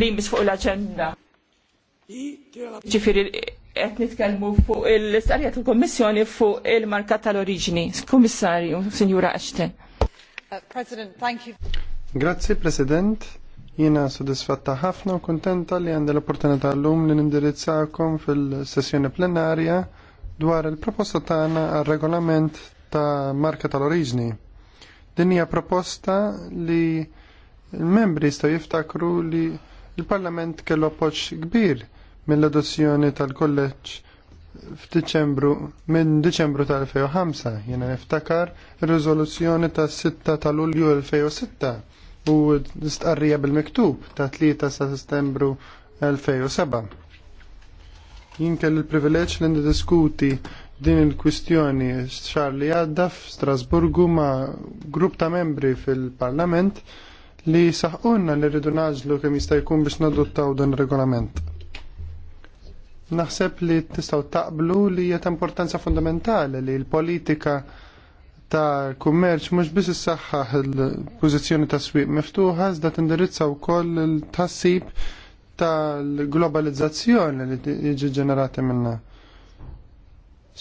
li fuq l-aġenda. Ġifiri, qed nitkellmu fuq l-istqarrija tal kommissjoni fuq il-marka tal-oriġini. Kummissarju, Sinjura Ashton. Uh, President, thank you. Grazzi, President. Jiena sodisfatta ħafna u kontenta li għandi l-opportunità llum li nindirizzakom fil-sessjoni plenarja dwar il-proposta tagħna għal-regolament ta' marka tal-oriġni. Din hija proposta li l-membri jistgħu jiftakru li Il-Parlament kellu appoġġ kbir mill-adozzjoni tal-kolleġġ f'Diċembru minn Diċembru tal-2005 jiena niftakar ir-riżoluzzjoni tas-6 ta' Lulju 2006 u l-istqarrija bil-miktub ta' 3 sa' Settembru 2007. Jien kell il-privileġġ li diskuti din il-kwistjoni xar li għadda f'Strasburgu ma' grupp ta' membri fil-Parlament li saħqunna li rridu naġlu kemm jista' jkun biex nadottaw dan regolament. Naħseb li tistgħu taqblu li hija ta' importanza fundamentali li l-politika ta' kummerċ mhux biss issaħħaħ il-pożizzjoni ta' swieq miftuħa iżda tindirizza wkoll il-tassib tal-globalizzazzjoni li jiġi ġenerati minnha.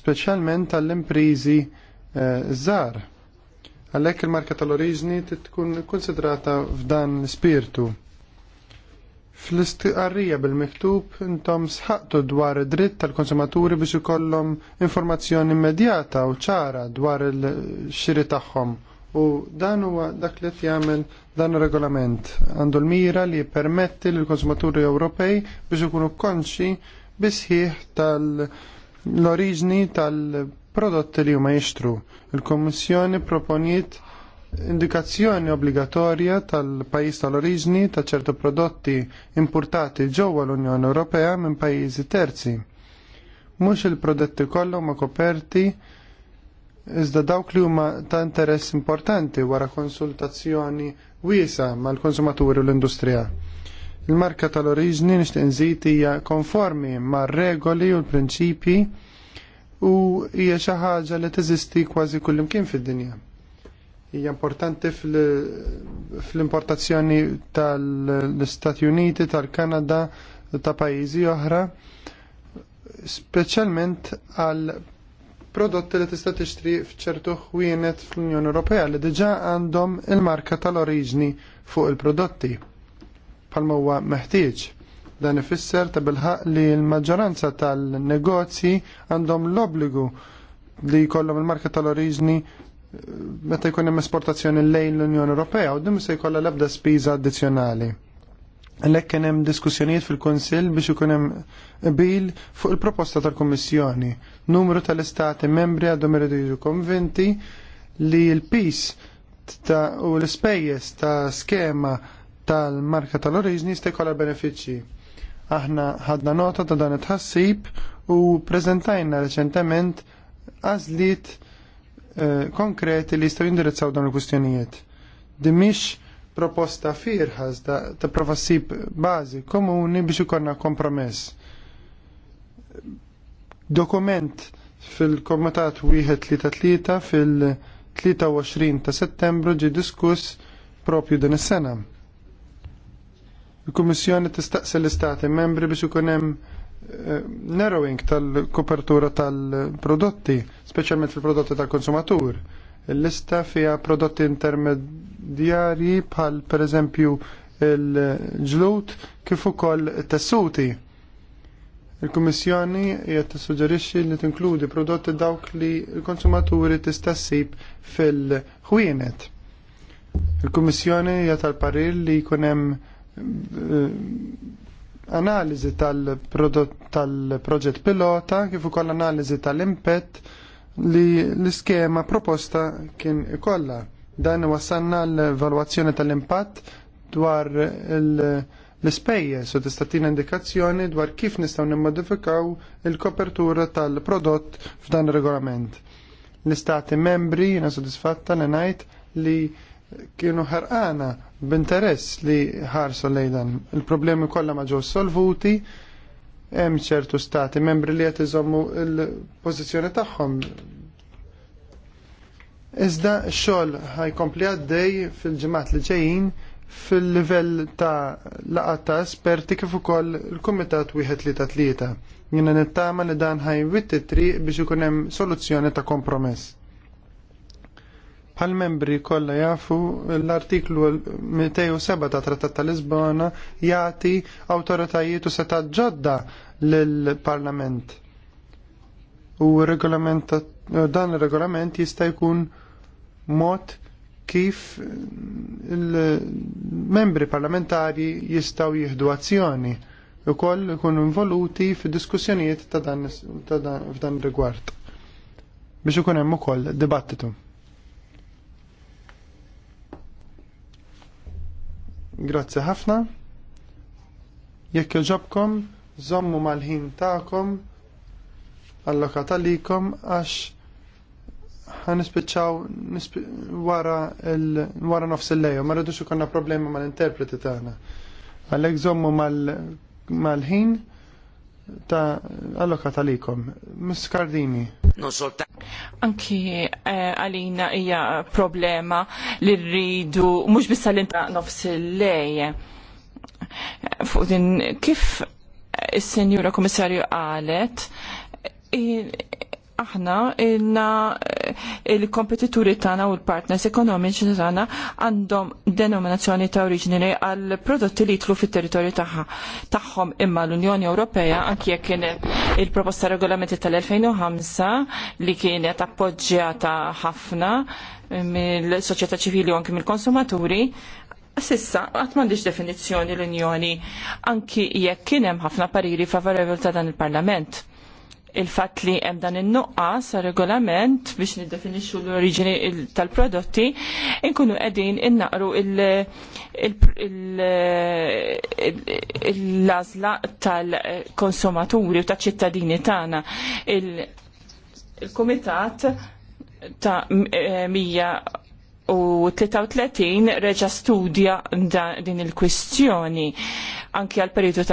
Speċjalment tal-imprizi eh, żgħar. Għalhekk il-marka tal-oriġni tkun konsidrata f'dan l-spirtu. Fl-istqarrija bil-miktub intom sħaqtu dwar id-dritt tal-konsumaturi biex ikollhom informazzjoni immedjata u ċara dwar il-xiri tagħhom u dan huwa dak li qed jagħmel dan ir-regolament għandu l-mira li permetti lill konsumaturi Ewropej biex ikunu konxi bisħiħ tal- l-oriġni tal prodotti li huma jixtru. Il-Kommissjoni proponiet indikazzjoni obbligatorja tal-pajjiż tal-oriġni ta' ċertu prodotti importati ġewwa l-Unjoni Ewropea minn pajjiżi terzi. Mhux il-prodotti kollha huma koperti iżda dawk li huma ta' interess importanti wara konsultazzjoni wiesa mal-konsumaturi u l-industrija. Il-marka tal-oriġni nixtieq nżid hija konformi mar-regoli u l-prinċipji u hija xi ħaġa li teżisti kważi kullimkien fid-dinja. Hija importanti fl-importazzjoni tal-Istati Uniti, tal-Kanada, ta' pajjiżi oħra, speċjalment għal prodotti li tista' tixtri f'ċertu ħwienet fl-Unjoni Ewropea li diġà għandhom il-marka tal-oriġni fuq il-prodotti Palma huwa meħtieġ Dan ifisser ta' bilħaq li l-maġġoranza tal-negozji għandhom l-obbligu li jkollhom il-marka tal-oriġni eh, meta jkun hemm esportazzjoni lejn l-Unjoni Ewropea u dim se jkollha l-ebda spiża addizzjonali. Għalhekk kien hemm diskussjonijiet fil-Kunsill biex ikun hemm bil fuq il-proposta tal-Kummissjoni. Numru tal-istati membri għadhom iridu jiġu konvinti li l-pis u l-ispejjeż ta' skema tal-marka tal-oriġni jista' jkollha benefiċċji. Aħna ħadna nota ta' dan it-ħassib u prezentajna reċentement għażliet eh, konkreti li jistgħu jindirizzaw dawn il-kwistjonijiet. Dimix proposta iżda ta' profassib bażi komuni biex ikonna kompromess. Dokument fil-komitat 133 fil-23 ta' settembru ġi diskuss propju din is-sena. Il-Kummissjoni tistaqsi l-Istati membri biex ikun hemm eh, narrowing tal-kopertura tal-prodotti, speċjalment fil-prodotti tal-konsumatur. Il-lista fija prodotti intermedjarji bħal pereżempju il-ġlut kif ukoll tessuti. Il-Kummissjoni qed tissuġġerixxi li tinkludi prodotti dawk li l-konsumaturi tista' ssib fil-ħwienet. Il-Kummissjoni hija tal-parir li jkun hemm analiżi tal-proġett pilota kif ukoll analiżi tal-impett li l-iskema proposta kien ikolla. Dan wasanna l-valwazzjoni tal-impatt dwar l-ispejjeż u tista' tina indikazzjoni dwar kif nistgħu nimmodifikaw il-kopertura tal-prodott f'dan ir-regolament. L-istati membri jiena sodisfatta li ngħid li kienu ħarqana b'interess li ħarsu lejdan. Il-problemi kollha ma ġew solvuti, hemm ċertu stati membri li qed iżommu l-pożizzjoni tagħhom. Iżda x-xogħol ħajkompli għaddej fil-ġimgħat li ġejjin fil-livell ta' laqat ta' esperti kif ukoll il-kumitat wieħed li ta' tlieta. Jiena nittama li dan ħajwitt it-triq biex ikun hemm soluzzjoni ta' kompromess. Bħal membri kollha jafu l-artiklu 207 ta' Trattat ta' Lisbona jagħti awtoritajiet u seta' ġodda lill-Parlament. U dan ir-regolament jista' jkun mod kif il-membri parlamentari jistgħu jieħdu azzjoni koll ikunu involuti fid-diskussjonijiet ta' dan f'dan rigward biex ikun hemm ukoll dibattitu. Grazzi ħafna. Jekk joġobkom, żommu mal-ħin tagħkom allokata likom għax ħanispiċċaw wara wara nofs il lejo ma rridux ikonna problema mal-interpreti tagħna. Għalhekk żommu mal-ħin mal ħin ta' allokat għalikom, Ms. Cardini. Anki għalina eh, hija problema li rridu, mux bissa l-inta ah, nofs il-lej. Fuq din kif il-senjura komissarju għalet, aħna inna eh, il-kompetituri tagħna u l-partners ekonomiċi tagħna għandhom denominazzjoni ta' oriġini għal prodotti li jitlu fit-territorju tagħha tagħhom imma l-Unjoni Ewropea anke jekk kien il-proposta regolamenti tal-2005 li kienet appoġġjata ħafna mill-soċjetà ċivili u anki mill-konsumaturi Sissa, għat mandiġ definizjoni l-Unjoni, anki jekk kienem ħafna pariri favorevol ta' dan il-Parlament il-fatt li hemm dan in-nuqqas regolament biex niddefinixxu l-oriġini tal-prodotti, inkunu qegħdin innaqru l-għażla tal-konsumaturi u taċ-ċittadini tagħna. Il-Kumitat ta' 133 reġa' studja din il-kwistjoni anki għal periodu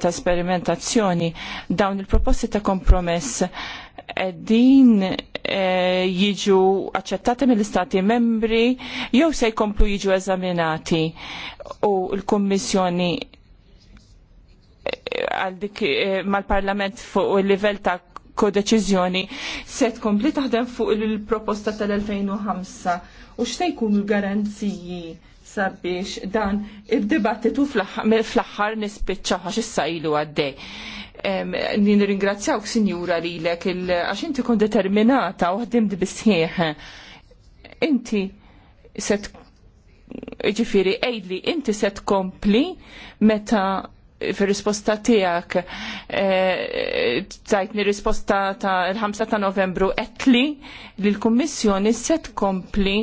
ta' sperimentazzjoni dawn il-proposti ta' kompromess din eh, jiġu aċċettati mill-istati membri jew se jkomplu jiġu eżaminati u l-Kummissjoni eh, għal dik eh, mal-Parlament fuq il-livell ta' kodeċiżjoni se tkompli taħdem fuq il-proposta tal-2005 u x'se jkunu l-garanziji sabiex dan id-dibattitu fl-axħar nispiċċa għax ilu għaddej. Nien ringrazzjawk, sinjura lilek, għax inti kon determinata u għaddim bisħieħ. Inti set ġifiri ejli, inti set kompli meta fir risposta tijak eh, tajtni risposta ta' il-5 ta' novembru etli li l-Kommissjoni set kompli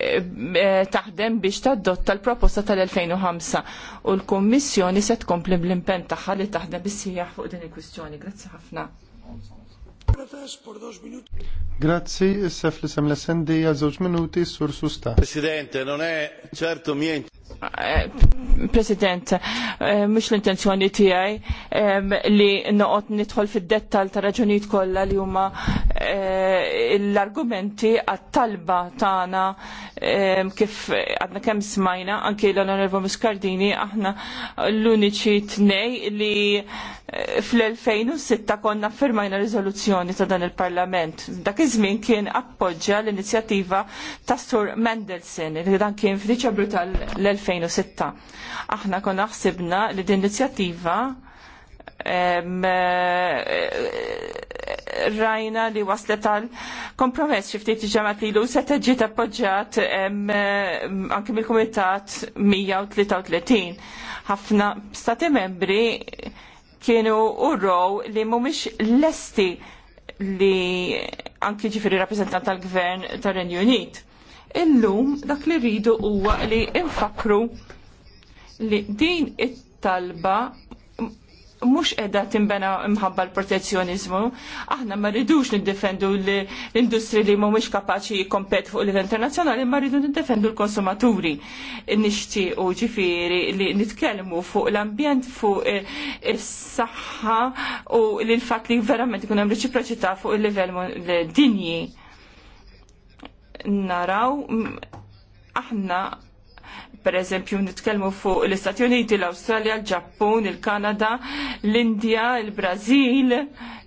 Eh, eh, taħdem biex tadotta l-proposta tal-2005 u l-Kommissjoni se tkompli bl-impenn tagħha li taħdem bis sijaħ fuq din il-kwistjoni. Grazzi ħafna. Grazzi, issa li isem l-essendi żewġ minuti sur susta. Presidente, non è certo niente. Eh, President, mux l-intenzjoni tijaj li noqot nidħol fid-dettal ta' raġunijiet kollha li huma Eh, l-argumenti għat-talba tagħna eh, kif għadna kemm smajna anki l onorevo Muscardini aħna l-uniċi tnej li eh, fl-2006 konna firmajna rizoluzzjoni ta' dan il-Parlament. Dak iż-żmien kien appoġġja l-inizjattiva ta' Sur Mendelsen li dan kien f'Diċembru tal-2006. Aħna konna ħsibna li din l-inizjattiva Eh, eh, rajna li waslet għal kompromess xi ftit ġemat lilu se teġġi appoġġjat anke mill-Kumitat 133. Ħafna stati membri kienu urrow li mhumiex lesti li anki ġifiri rappresentant tal-gvern tal-Renju Unit. Illum dak li rridu huwa li infakru li din it-talba mhux qiegħda timbena imħabba l-protezzjonizmu. Aħna ma rridux niddefendu l-industri li mhumiex kapaċi jikkompet fuq livell internazzjonali, ma rridu niddefendu l-konsumaturi. Nixtiequ ġifieri li nitkellmu fuq l-ambjent, fuq eh, is-saħħa u l-fatt li verament ikun hemm reċiproċità fuq il-livell dinji naraw aħna per eżempju nitkellmu fuq l-Istati Uniti, l-Awstralja, l-Ġappun, il-Kanada, l-Indja, il-Brażil,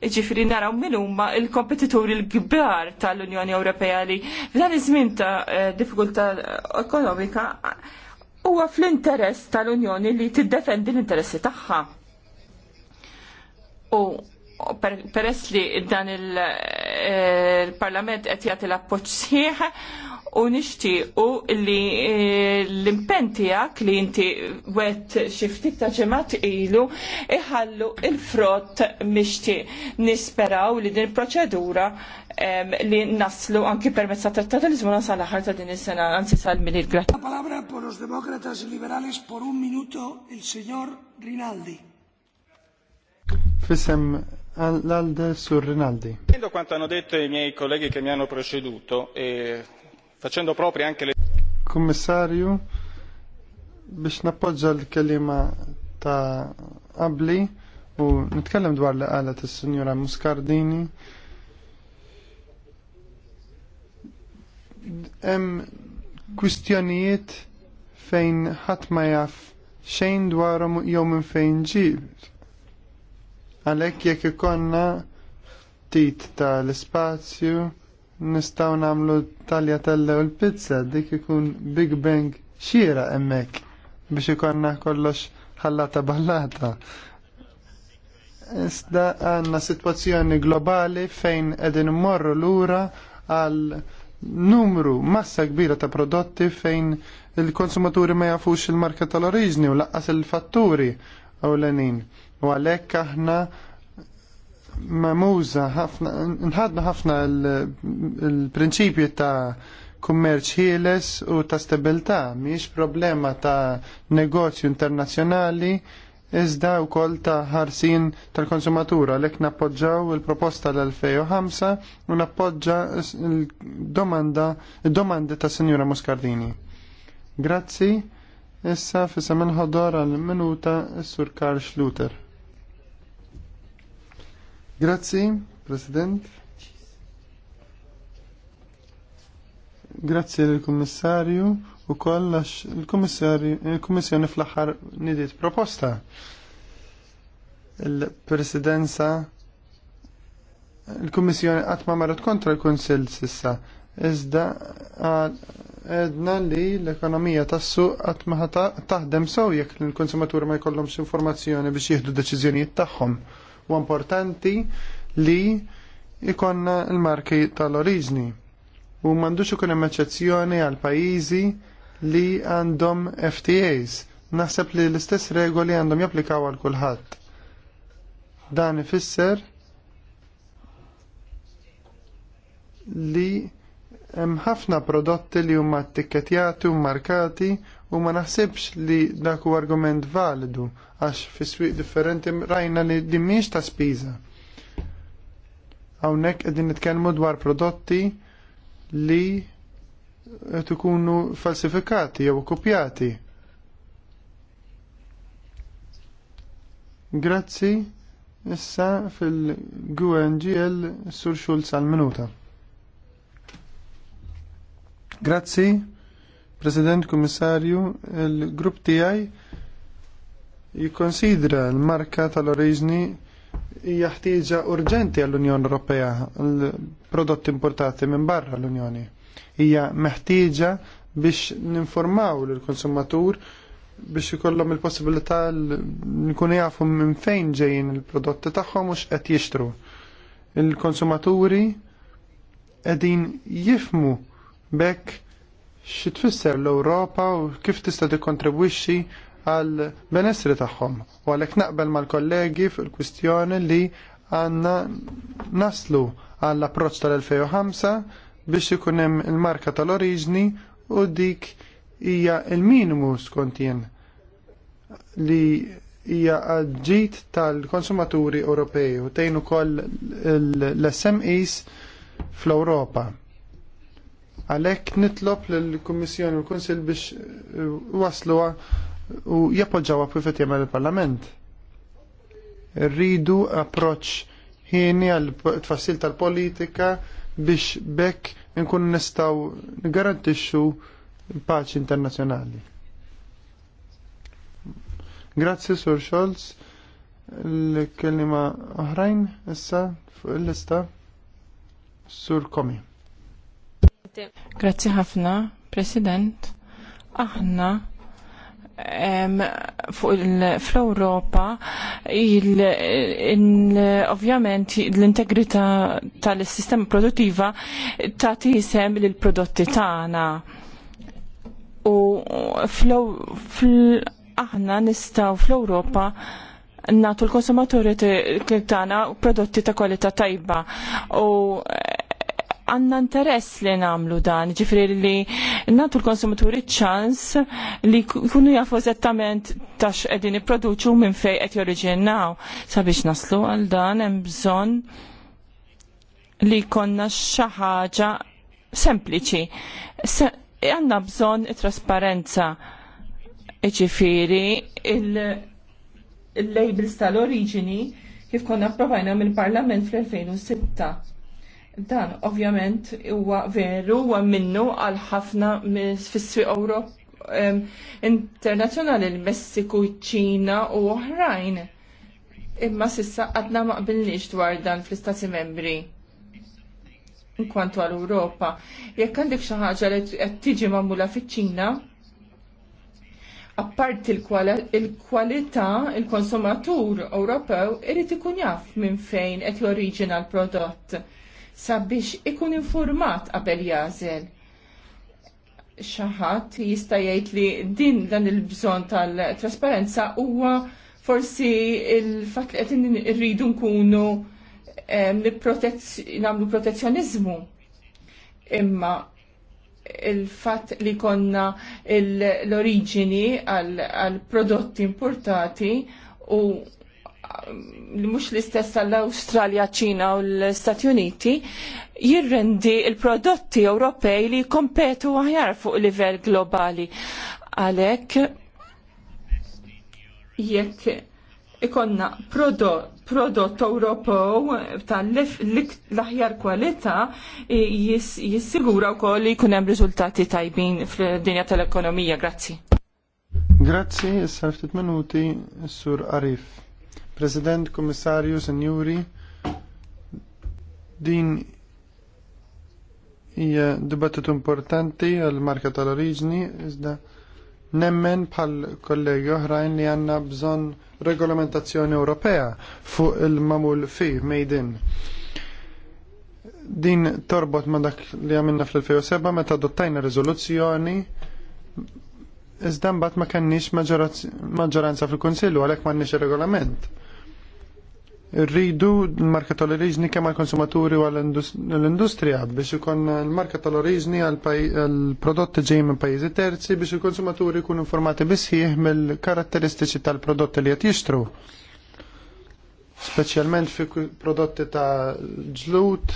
jiġifieri naraw min huma il-kompetituri l-kbar tal-Unjoni Ewropea li f'dan iż-żmien ta' eh, diffikultà ekonomika huwa fl-interess tal-Unjoni li tiddefendi l-interessi tagħha. U peress li dan eh, il-Parlament qed jagħti l-appoġġ sħiħ u nixtiequ li e, l-impenn tiegħek li inti wet xi ftit ta' ġimgħat ilu iħallu il-frott mixtieq nisperaw li din proċedura li naslu anki permezz ta' trattat li żmuna sal-aħħar ta' din is-sena anzi sal-minir. La palabra por los demócratas liberales por un minuto il signor Rinaldi. Fissem alde sur Rinaldi. Quanto hanno detto i miei colleghi che mi hanno preceduto e facendo proprio anche le... Kommissarju, biex nappoġġa l-kelima ta' qabli u nitkellem dwar li qalet is-Sinjura Muscardini. Hemm kwistjonijiet fejn ħadd ma jaf xejn dwarhom jew minn fejn ġib. Għalhekk jekk ikonna tit ta' ispazju nistaw namlu talja tella u l-pizza dik ikun Big Bang xira emmek biex ikonna kollox ħallata ballata. Isda għanna situazzjoni globali fejn edin morru l-ura għal numru massa kbira ta' prodotti fejn il-konsumaturi ma jafux il-marka tal-oriġni u laqqas il-fatturi u l-enin. U għalek aħna Mamuża ħafna, nħadna ħafna l-prinċipju ta' kummerċ ħieles u ta' stabilità, miex problema ta' negozju internazzjonali iżda wkoll ta' ħarsin tal-konsumatura lek nappoġġaw il-proposta l-2005 u nappoġġa l domanda il-domandi ta' Sinjura Muscardini. Grazzi, issa fissa minħodor għal-minuta s-sur Karl Schluter. Grazzi, President. Grazzi al kummissarju u kollax il-Kummissjoni fl-aħħar nidiet proposta. Il-Presidenza il-Kummissjoni qatt ma marret kontra l-Kunsill sissa. Iżda għedna li l-ekonomija tassu suq ma taħdem sew jekk il-konsumaturi ma jkollhomx informazzjoni biex jieħdu deċiżjonijiet tagħhom. U importanti li ikonna l-marki tal-oriġni. U mandux ikun hemm eċċezzjoni għal pajjiżi li għandhom FTAs. Naħseb li l-istess regoli għandhom japplikaw għal kulħadd. Dan ifisser li hemm ħafna prodotti li huma tikketjati u markati u ma naħsibx li dak u argument validu għax fi swieq differenti rajna li dimmiex ta' spiża. Hawnhekk qegħdin nitkellmu dwar prodotti li tkunu falsifikati jew kopjati. Grazzi issa fil-GUNGL Sur Schulz għal-minuta. Grazzi. President Kummissarju, il-grupp TI jikkonsidra l-marka tal-oriġni hija ħtieġa urġenti għall-Unjoni Ewropea l-prodotti importati minn barra l-Unjoni. Hija meħtieġa biex ninformaw lill-konsumatur biex ikollhom il-possibilità nkunu jafu minn fejn ġejjin il-prodotti tagħhom mhux qed jixtru. Il-konsumaturi qegħdin jifmu bekk xi tfisser l-Ewropa u kif tista' tikkontribwixxi għal benessri tagħhom. U għalhekk naqbel mal-kollegi fil-kwistjoni li għandna naslu għall approċċ tal-2005 biex ikun hemm il-marka tal-oriġni u dik hija il-minimu skont jien li hija ġid tal-konsumaturi Ewropej u tgħin ukoll l-SMEs fl-Ewropa. Għalhekk nitlob lill-Kummissjoni u l-Kunsill biex eh, wasluha u jappoġġawha kif jagħmel il-Parlament. Rridu approċċ ħini għal tfassil tal-politika biex bekk nkun nistgħu ngarantixxu paċi internazzjonali. Grazzi Sur Scholz. L-kelima oħrajn issa fuq il-lista Sur Komi. Grazie. Grazzi ħafna, President. Aħna fuq fl-Europa ovvjament l-integrità tal-sistema produttiva ta' tisem l-prodotti tagħna. U aħna nistaw fl-Europa natu l-konsumaturi tagħna prodotti ta' kwalità tajba. U għanna interess li namlu dan, ġifri li natu l-konsumaturi ċans li kunu jafu eżattament tax edin produċu minn fej qed joriġinaw. Sabiex naslu għal dan hemm bżonn li konna xi ħaġa sempliċi. Għanna bżonn trasparenza ġifiri il-labels tal-oriġini kif konna provajna mill-parlament fl-2006 Dan ovvjament huwa veru huwa minnu għal ħafna fis-swieq Ewrop internazzjonali l-Messiku, ċina u oħrajn. Imma sissa għadna ma qbilniex dwar dan fl-istati membri nkwantu għal Ewropa. Jekk għandek xi ħaġa li qed tiġi magħmula fiċ-Ċina, apparti il-kwalità il-konsumatur Ewropew irid ikun jaf minn fejn qed joriġina l-prodott sabiex ikun infurmat qabel jażel. Xaħat jista' jgħid li din dan il-bżonn tal-trasparenza huwa forsi il-fatt li qed irridu nkunu nagħmlu protezzjoniżmu. Imma il-fatt li konna l-oriġini għal prodotti importati u mhux l-istess tal-Awstralja, Ċina u l-Stati Uniti, jirrendi l prodotti Ewropej li kompetu aħjar fuq livell globali. Għalhekk jekk ikonna prodott prodott Ewropew tal-aħjar kwalità jissigura wkoll li jkun hemm riżultati tajbin fid-dinja tal-ekonomija. Grazzi. Grazzi, s-sarftit minuti, Sur Arif. President, Kommissarju, Senjuri, din hija dibattitu importanti għal marka tal-oriġni, iżda nemmen bħal kollegi oħrajn li għanna bżon regolamentazzjoni Ewropea fuq il-mamul fi made in. Din torbot ma dak li għamilna fl-2007 meta adottajna riżoluzzjoni iżda mbagħad ma kenniex maġġoranza fil-Kunsillu għalhekk m'għandniex ir-regolament rridu l-marka tal-oriġni kemm għal-konsumaturi u għall-industrija biex ikun l-marka tal-oriġni għal-prodotti ġej minn pajjiżi terzi biex il-konsumaturi jkunu informati bisħieħ mill-karatteristiċi tal-prodotti li qed jixtru. Speċjalment fi prodotti ta' ġlut,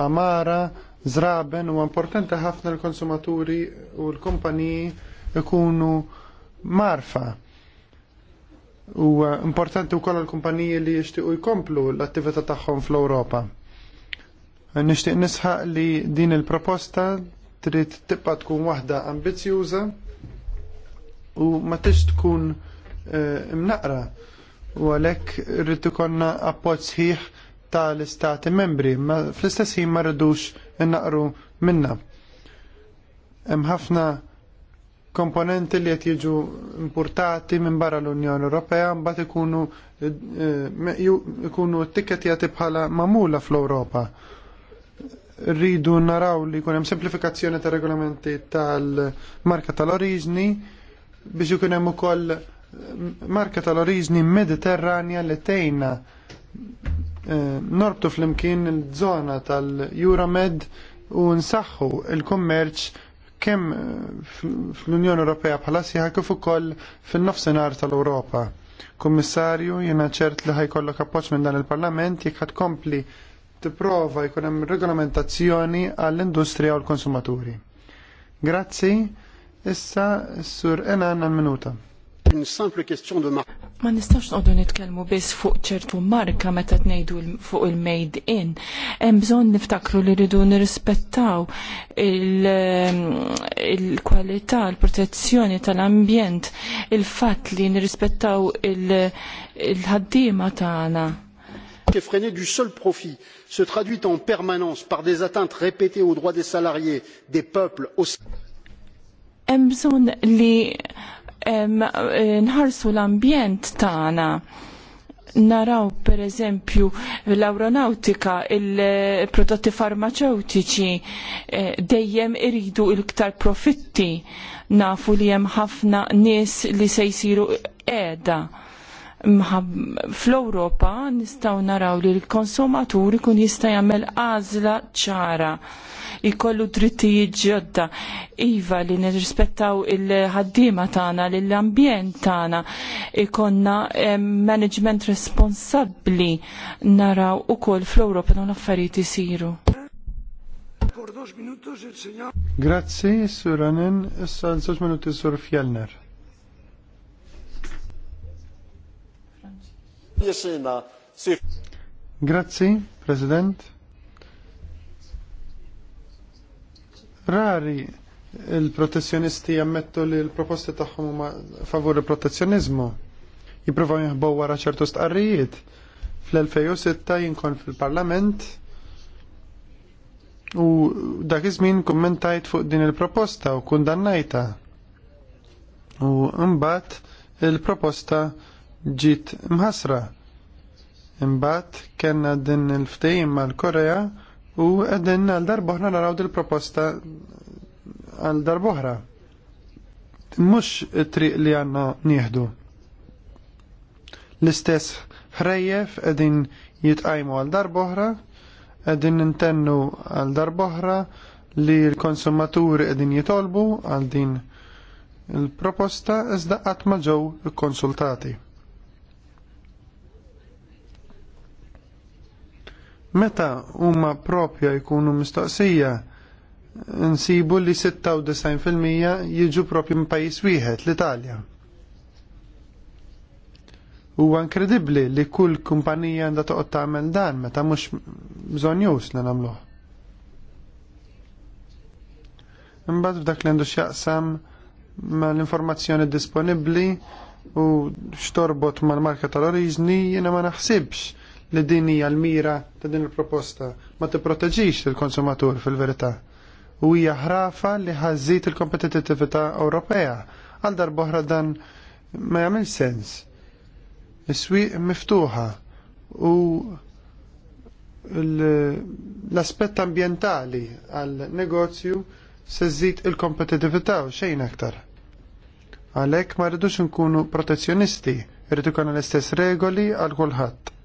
amara, zraben u importanti ħafna l-konsumaturi u l-kumpaniji ikunu marfa U importanti wkoll l kumpaniji li jixtiequ jkomplu l-attività tagħhom fl-Ewropa. Nixtieq nisħaq li din il-proposta trid tibqa' tkun waħda ambizjuża u ma tix tkun eh, imnaqra u għalhekk rrid ikollna appoġġ sħiħ tal-istati membri, ma fl-istess ħin ma rridux innaqru minna. Hemm ħafna komponenti li qed jiġu importati minn barra l-Unjoni Ewropea mbagħad ikunu eh, ikunu t jagħti bħala magħmula fl-Ewropa. Rridu naraw li jkun hemm semplifikazzjoni ta' regolamenti tal-marka tal-oriġni biex ikun hemm ukoll marka tal-oriġni mediterranja li tejna eh, norbtu flimkien il-żona tal-Euromed u nsaħħu il-kummerċ kemm eh, fl-Unjoni Ewropea bħala sieħa kif ukoll fin-nofsinhar tal-Ewropa. Kummissarju, jiena ċert li ħajkollok appoġġ minn dan il-Parlament jekk ħad kompli tipprova jkun hemm regolamentazzjoni għall-industrija u l-konsumaturi. Grazzi, issa s-sur Enan għal-minuta. Une simple question de marque. Ma nistax noqdu nitkellmu biss fuq ċertu marka meta tnejdu fuq il-made in. Hemm bżonn niftakru li rridu nirrispettaw il-kwalità, il l-protezzjoni tal-ambjent, il-fatt li nirrispettaw il-ħaddiema il tagħna effrénée du seul profit se traduit en permanence par des atteintes répétées aux droits des salariés, des peuples, aux... Hemm li Eh, nħarsu l-ambjent tagħna naraw per eżempju l-aeronautika, il-prodotti farmaceutiċi eh, dejjem iridu il-ktar profitti nafu li hemm ħafna nies li se jsiru qiegħda fl-Europa nistaw naraw li l-konsumatur ikun jista' jagħmel għażla ċara jkollu drittijiet ġodda. Iva li nirrispettaw il-ħaddima tagħna lill-ambjent tagħna ikonna management responsabbli naraw ukoll fl-Ewropa dawn l-affarijiet isiru. Grazzi, Suranen, issa l minuti Sur Fjellner. Grazzi, President. Rari il-protezzjonisti jammettu li l-proposti tagħhom huma favur il-protezzjonizmu. Jippruvaw jinħbow wara ċertu stqarrijiet. Fl-2006 jinkon fil-Parlament u dak iż-żmien kummentajt fuq din il-proposta u kundannajta. U mbagħad il-proposta ġiet mħasra. Imbagħad kellna din il ftejim mal-Korea u qegħdin għal darboħra naraw dil-proposta għal darboħra. Mhux triq li għandna nieħdu. L-istess ħrejjef qegħdin jitqajmu għal darboħra, qegħdin intennu għal darboħra li l-konsumaturi qegħdin jitolbu għal din il-proposta iżda qatt ma ġew ikkonsultati. Meta huma propja jkunu mistoqsija nsibu li 96% jiġu propju minn pajjiż wieħed l-Italja. Huwa inkredibbli li kull kumpanija għandha toqgħod tagħmel dan meta mhux bżonn jus li nagħmluh. Imbagħad f'dak li għandu x'jaqsam ma l-informazzjoni disponibbli u x'torbot mal-marka tal-oriġni jiena ma naħsibx li din hija l-mira ta' din il-proposta ma tipproteġix il-konsumatur fil-verità. U hija ħrafa li ħażit il-kompetittività Ewropea għal boħra dan ma jagħmel sens. Is-swieq miftuħa u l-aspett ambjentali għal negozju se żid il-kompetittività u xejn aktar. Għalhekk ma rridux nkunu protezzjonisti, rridu kana l-istess regoli għal kulħadd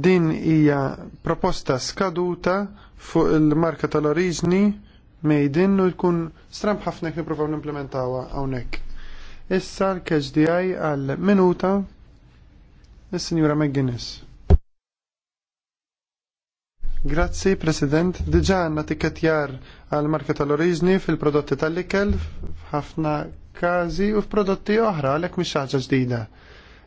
Din hija proposta skaduta fuq il-marka tal-oriġni mejden u jkun stramb ħafna kif nippruvaw nimplementawha hawnhekk. Issa l-KHDI għal minuta is-Sinjura McGuinness. Grazzi, President. Diġa għanna tikketjar għal marka tal-oriġni fil-prodotti tal-ikel, f'ħafna kazi u f'prodotti oħra għalek mhix ħaġa ġdida.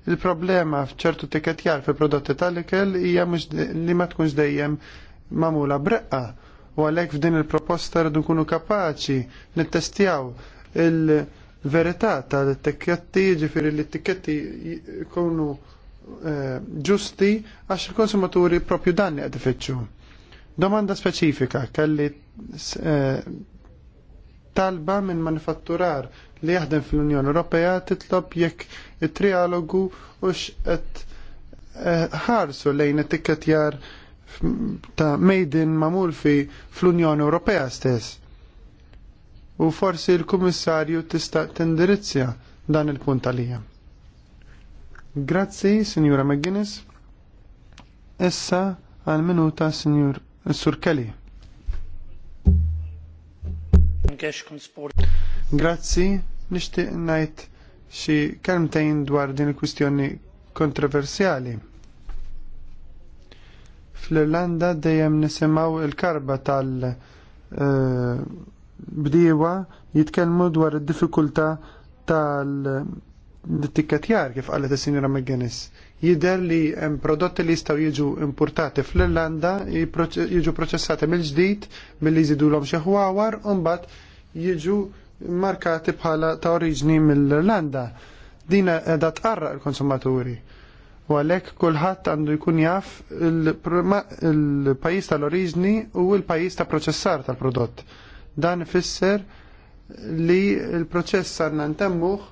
Il-problema f'ċertu tiketjar fil-prodotti tal-ikel hija li ma tkunx dejjem magħmula breqqa u għalhekk f'din il-proposta rridu nkunu kapaċi nittestjaw il-verità tal-tikketti, ġifieri li t-tikketti jkunu eh, ġusti għax il-konsumaturi propju dan qed ifittxu. Domanda speċifika kelli eh, talba minn manifatturar li jaħdem fl-Unjoni Ewropea titlob jekk it-trialogu u x'qed eh, ħarsu lejn it-tikketjar ta' mejdin mamul fi fl-Unjoni Ewropea stess. U forsi l-Kummissarju tista' tindirizzja dan il-punt għalija. Grazzi, Sinjura McGuinness. Issa għal minuta sinjur Sur Kelly. Grazzi, nixtieq ngħid xi kelmtejn dwar din il-kwistjoni kontroversjali. Fl-Irlanda dejjem nisimgħu il-karba tal- eh, bdiewa jitkellmu dwar id-diffikultà tal-tikkatjar kif qalet is-Sinjora McGuinness. Jider li hemm prodotti li jistgħu jiġu importati fl-Irlanda jiġu proċessati mill-ġdid milli jżidulhom xi ħwawar u mbagħad jiġu Marka tibħala ta' oriġni mill-Irlanda. Dina edha tqarra l-konsumaturi. U għalhekk kulħadd għandu jkun jaf il-pajjiż tal-oriġni u l-pajjiż ta' proċessar tal-prodott. Dan ifisser li l-proċess sarna ntemmuh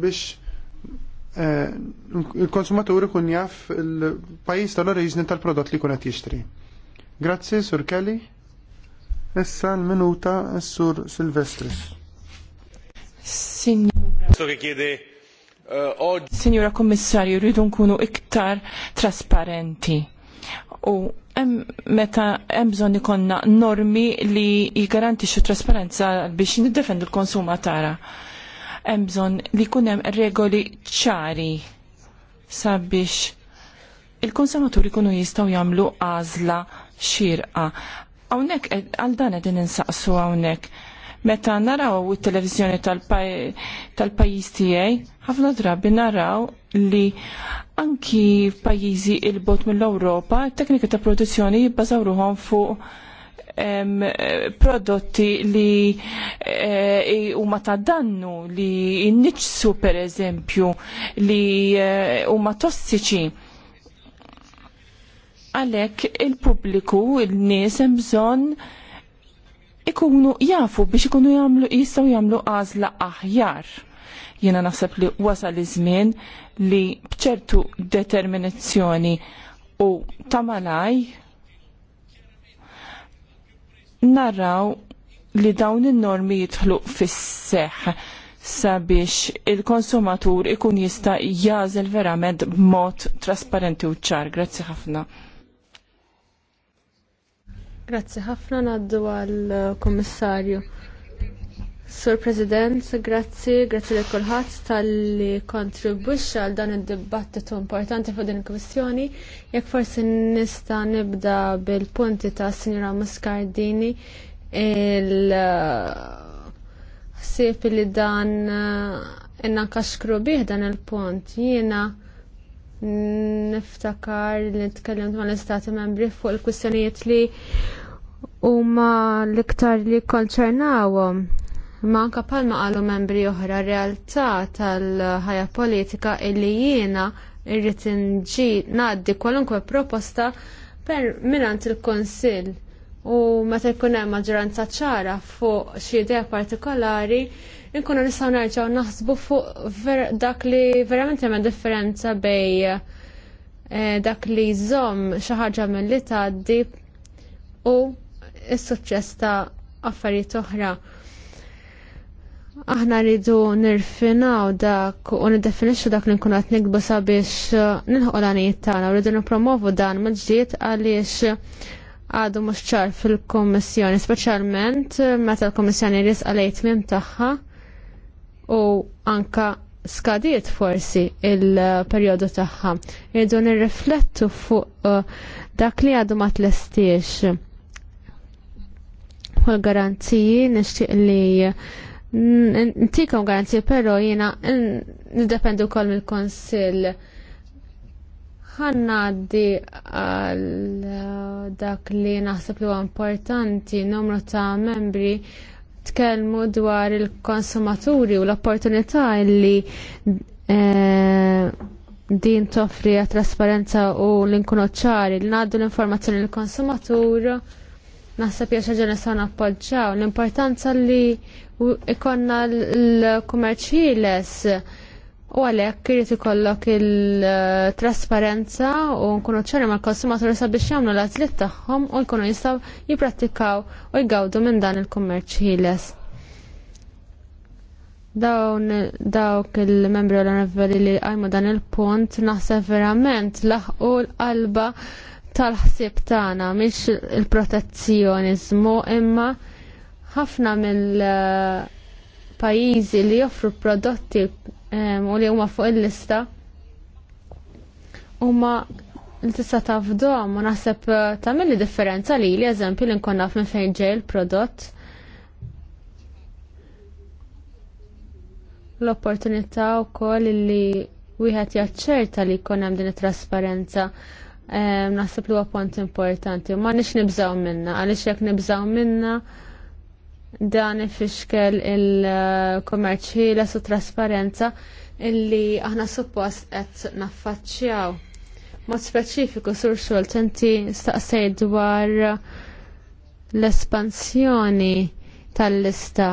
biex eh, il konsumaturi kun jaff il-pajis tal-oriġni tal-prodott li kunet jixtri. Grazzi, Sur Kelly. Issa l-minuta, Sur Silvestris. Signora Kommissarju, eh, rridu nkunu iktar trasparenti. U meta hemm bżonn ikonna normi li jgarantixxu trasparenza biex niddefendu l-konsumatara. Hemm bżonn li jkun hemm regoli ċari sabiex il-konsumaturi kunu jistgħu jagħmlu għażla xirqa. Hawnhekk għal dan qegħdin insaqsu hawnhekk. Meta naraw it-televizjoni tal-pajjiż tiegħi, ħafna drabi naraw li anki f'pajjiżi il bot mill-Ewropa, teknika ta' produzzjoni jibbażaw ruhom fuq prodotti li eh, huma ta' dannu li nniċsu per eżempju li eh, huma tossiċi għalek il pubbliku il-nies, hemm bżonn ikunu jafu biex ikunu jamlu jistaw jamlu għazla aħjar. Jena naħseb li wasal iż-żmien li bċertu determinazzjoni u tamalaj narraw li dawn in-normi jidħlu fis-seħ sabiex il-konsumatur ikun jista' jażel verament b'mod trasparenti u ċar. Grazzi ħafna. Grazzi ħafna naddu għal eh, kommissarju. Sur President, grazzi, grazzi li kulħadd tal-li kontribwixxa għal dan id-dibattitu importanti fuq din il-Kummissjoni. Jekk forsi nista' nibda bil-punti ta' Signora Muscardini il eh, ħsieb li dan eh, inna kaxkru bih dan il-punt. Jina niftakar li nitkellem ma l-istati membri fuq il-kwistjonijiet li huma l-iktar li konċernawhom. Ma anka palma qalu membri oħra realtà tal-ħajja politika illi jiena irrid nġi ngħaddi kwalunkwe proposta per minant il-Konsill u meta jkun hemm maġġoranza ċara fuq xi idea partikolari, nkunu nistgħu nerġgħu naħsbu fuq dak li verament hemm differenza bej eh, dak li jżomm xi ħaġa milli tgħaddi u s-suċċess ta' affarijiet oħra aħna rridu nirfinaw dak u niddefinixxu dak li nkun qed nikbu sabiex nilħu l-għanijiet tagħna u rridu nippromovu dan mill-ġdiet għaliex għadu mhux ċar fil-Kommissjoni, speċjalment meta l-Kommissjoni ris lejt mim tagħha u anka skadiet forsi il-perjodu tagħha. Irridu nirriflettu fuq dak li għadu ma tlestiex. U l-garanziji nixtieq li n-tikom garanziji però jiena dependu wkoll mill konsil ħannaddi għal eh, dak li naħseb li huwa importanti numru ta' membri tkellmu dwar il-konsumaturi u l-opportunità li eh, din toffri għat trasparenza u l-inkunu ċari li ngħaddu l-informazzjoni l-konsumatur naħseb jaxa ġen nistgħu nappoġġaw l-importanza li ikonna l-kummerċiles U għalhekk irid ikollok il-trasparenza u nkunu ċari mal-konsumaturi sabiex jagħmlu l-għażliet tagħhom u jkunu jistgħu jiprattikaw u jgawdu minn dan il-kummerċ ħiles. Dawn dawk il-membri l-onorevoli li għajmu dan il-punt naħseb verament laħqu l-qalba tal-ħsieb tagħna mhix il protezzjonizmu imma ħafna mill-pajjiżi li joffru prodotti u li huma fuq il-lista huma li tista' taf dom u naħseb eh, tagħmel li differenza li li eżempju li nkun naf minn fejn ġej il-prodott l-opportunità wkoll li wieħed jaċċerta li jkun hemm din it-trasparenza naħseb li huwa punt importanti ma nix nibżaw minna għaliex jekk nibżaw minna dan ifixkel il-kommerċ ħieles u trasparenza illi aħna suppost qed naffaċċjaw. Mod speċifiku sur xogħol tenti staqsej dwar l-espansjoni tal-lista.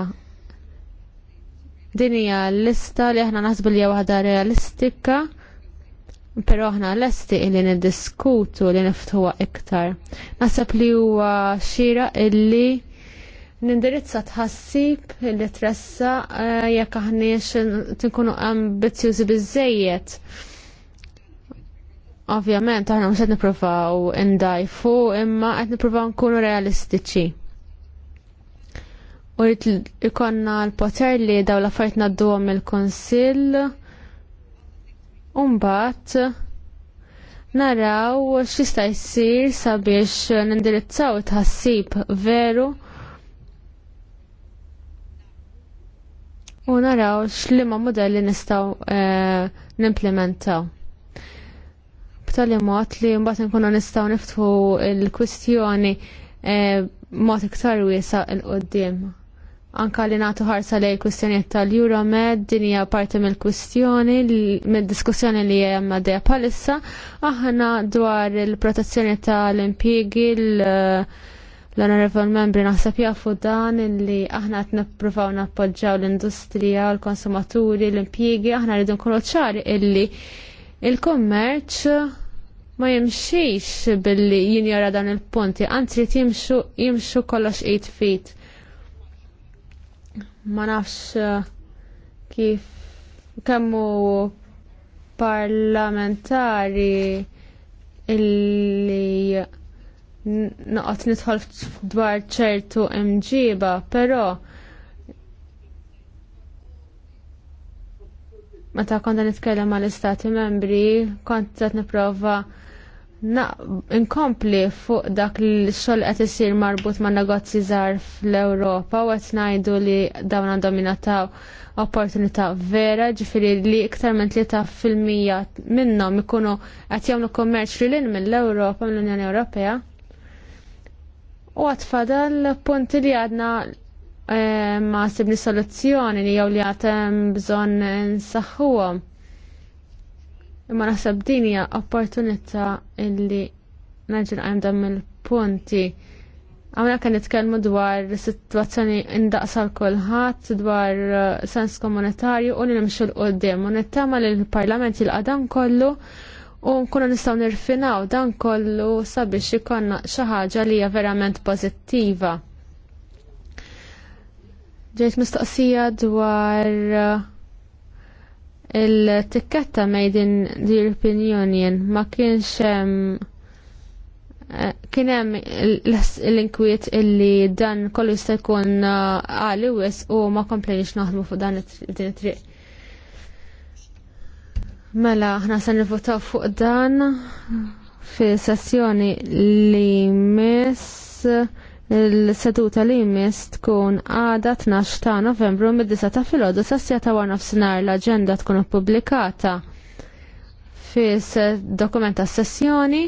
Din hija l-lista li aħna naħsbu li waħda realistika, però aħna lesti illi niddiskutu li niftuha iktar. Naħseb li huwa xira illi nindirizza tħassib li tressa eh, jekk aħniex tinkunu ambizjużi biżejjed. Ovvjament aħna mhux qed nippruvaw indajfu imma qed nippruvaw nkunu realistiċi. U ikonna l-poter li daw l-affarijiet ngħadduhom il-Kunsill u mbagħad naraw x'jista' jsir sabiex nindirizzaw it-tħassib veru u naraw x'liema modelli nistgħu eh, nimplementaw. B'tali mod li mbagħad nkunu nistgħu niftħu l-kwistjoni eh, mod iktar wiesa il qudiem Anka li nagħtu ħarsa lejn kwistjonijiet tal-Euromed din hija parti mill-kwistjoni mid-diskussjoni li hemm għaddejja bħalissa aħna dwar il-protezzjoni tal-impjiegi l- l-onorevol membri naħseb jafu dan illi aħna qed nippruvaw nappoġġaw l-industrija, l-konsumaturi, l-impjiegi, aħna rridu nkunu ċari illi il-kummerċ ma jimxiex billi jinjora dan il-punti, anzi jt jimxu, jimxu kollox 8 feet. Ma nafx uh, kif kemmu parlamentari illi noqgħod nidħol dwar ċertu mġiba, però meta konta nitkellem mal istati membri, kont qed nipprova inkompli fuq dak l-xogħol qed isir marbut ma' negozji żgħar fl-Ewropa u qed ngħidu li dawn għandhom jingħataw opportunità vera, ġifieri li iktar minn tlieta fil-mija minnhom ikunu qed jagħmlu kummerċ lil mill-Ewropa mill-Unjoni Ewropea. U għatfadal punti li għadna eh, ma sibni soluzzjoni li jew li għatem bżon nsaxħuhom. Imma naħseb din hija opportunità illi naġil għajm dam il-punti. Għamna kan nitkellmu dwar situazzjoni indaqsa l-kulħadd, dwar eh, sens komunitarju u nimxu l-qoddim. U nittama l-Parlament il-qadam kollu u nkunu nistgħu nirfinaw dan kollu sabiex ikonna xi ħaġa li hija verament pożittiva. Ġejt mistoqsija dwar uh, il-tikketta Made in the European Union ma kienx hemm um, uh, kien hemm l-inkwiet illi dan kollu jista' jkun uh, għali u ma komplejniex naħdmu fuq dan it-triq. Mela, ħna se nivvotaw fuq dan fi sessjoni li miss il-seduta li jmiss tkun għada 12 ta' novembru mid-9 ta' filgħodu sessja ta' warna f'sinar l-aġenda tkun ippubblikata fis dokumenta sessjoni.